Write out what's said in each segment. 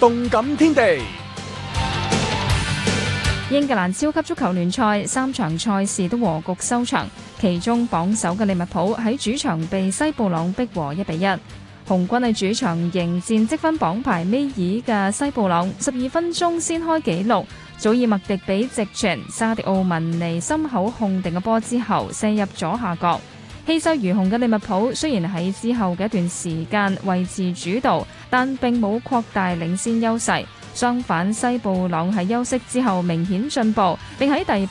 動感天地，英格蘭超級足球聯賽三場賽事都和局收場，其中榜首嘅利物浦喺主場被西布朗逼和一比一。紅軍喺主場迎戰積分榜排尾二嘅西布朗，十二分鐘先開紀錄，祖爾麥迪比直傳沙迪奧文尼心口控定嘅波之後射入左下角。氣勢如虹嘅利物浦雖然喺之後嘅一段時間維持主導，但並冇擴大領先優勢。相反，西布朗喺休息之後明顯進步，並喺第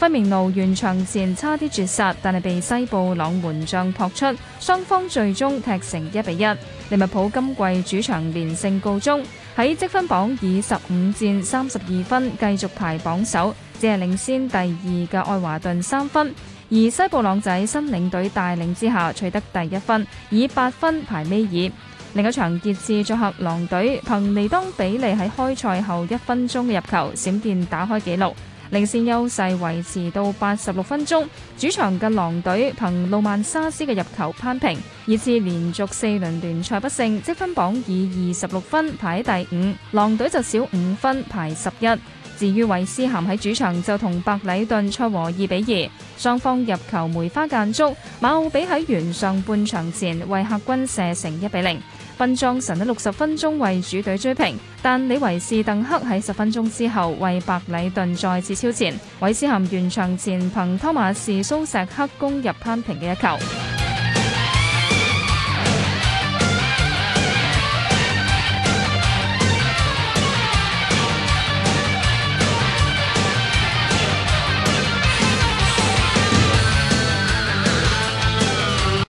昆明路完場前差啲絕殺，但係被西布朗門將撲出，雙方最終踢成一比一。利物浦今季主場連勝告終，喺積分榜以十五戰三十二分繼續排榜首，只係領先第二嘅愛華頓三分。而西布朗仔新領隊帶領之下取得第一分，以八分排尾二。另一場熱刺作客狼隊，憑尼當比利喺開賽後一分鐘嘅入球，閃電打開紀錄。領先優勢維持到八十六分鐘，主場嘅狼隊憑路曼沙斯嘅入球扳平。熱刺連續四輪聯賽不勝，積分榜以二十六分排第五，狼隊就少五分排十一。至於韋斯咸喺主場就同白禮頓賽和二比二，雙方入球梅花間竹。馬奧比喺完上半場前為客軍射成一比零，賓莊臣喺六十分鐘為主隊追平，但李維士鄧克喺十分鐘之後為白禮頓再次超前，韋斯咸完場前憑湯馬士蘇錫克攻入扳平嘅一球。